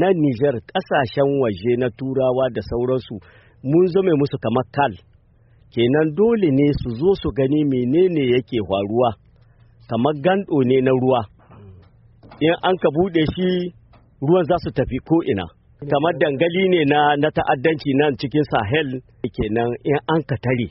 na Nijar ƙasashen waje na turawa da sauransu mun zame musu kamar kal kenan dole ne su zo su gani menene yake faruwa kamar gando ne na ruwa in an ka buɗe shi ruwan za su tafi ko'ina kamar dangali ne na, na ta'addanci nan cikin sahel kenan in an ka tare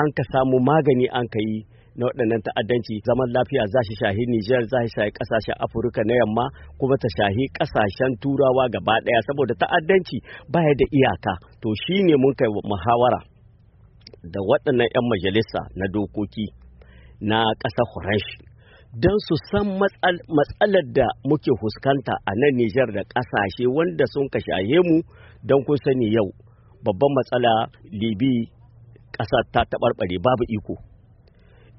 an ka samu magani an ka yi na waɗannan ta'addanci zaman lafiya za shi shahi Nijar za shi shahi ƙasashen Afirka na yamma kuma ta shahi ƙasashen Turawa gaba ɗaya saboda ta'addanci baya da iyaka to shine mun kai muhawara da waɗannan 'yan majalisa na dokoki na ƙasar Quraysh don su san matsalar da muke fuskanta a nan Nijar da ƙasashe wanda sun shaye mu don kun sani yau babban matsala Libi ƙasar ta taɓarɓare babu iko.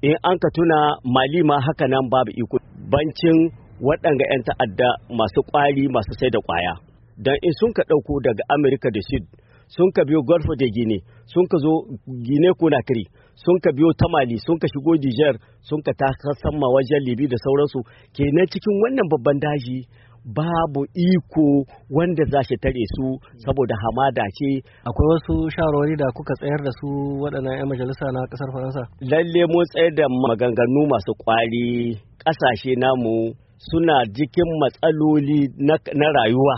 in an ka tuna mali ma haka nan babu iko bancin waɗanga 'yan ta'adda masu ƙwari masu sai da ƙwaya don in sun ka ɗauko daga amurka da sud sun ka biyo golf da gine sun ka zo gine kiri sun ka biyo ta mali sun ka shigo dijiyar sun ka ta wajen libi da sauransu kenan cikin wannan babban daji babu iko wanda za shi tare su saboda hamada ce akwai wasu shawarwari da kuka tsayar da su waɗannan 'yan majalisa na ƙasar faransa lalle mun tsayar da maganganu masu ƙwari ƙasashe namu suna jikin matsaloli na rayuwa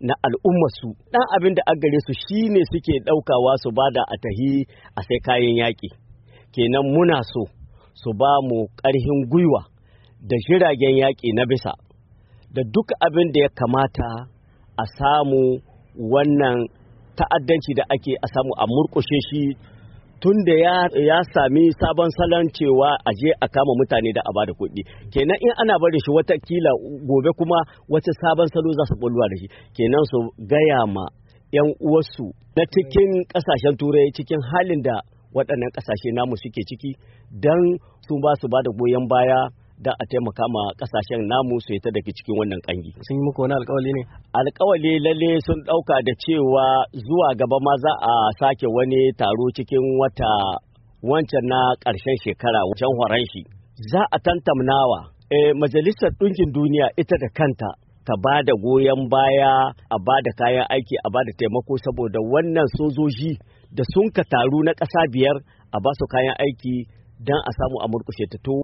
na al'ummarsu ɗan abin da agare su shine suke ɗaukawa su ba da atahi a sai kayan yaƙi kenan muna so su ba mu ƙarhin gwiwa da jiragen yaƙi na bisa da duk abin da ya kamata a samu wannan ta'addanci da ake a samu a murkushe shi tun da ya, sami sabon salon cewa a je a kama mutane da a bada kuɗi kenan in ana bari shi watakila gobe kuma wata sabon salo za su bulwa da shi kenan su gaya ma 'yan uwarsu na cikin kasashen turai cikin halin da waɗannan ƙasashe namu suke ciki don su ba su ba goyon baya da a taimaka ma kasashen namu su ta daga cikin wannan kangi. Sun yi muku wani alkawali ne? Alkawali lalle sun ɗauka da cewa zuwa gaba ma za a sake wani taro cikin wata wancan na ƙarshen shekara wancan horon shi. Za a tantamnawa e, majalisar ɗinkin duniya ita da kanta ta ba da goyon baya a ba da kayan aiki a ba da taimako saboda wannan sojoji da sun ka taru na ƙasa biyar a ba su kayan aiki don a samu a murƙushe ta to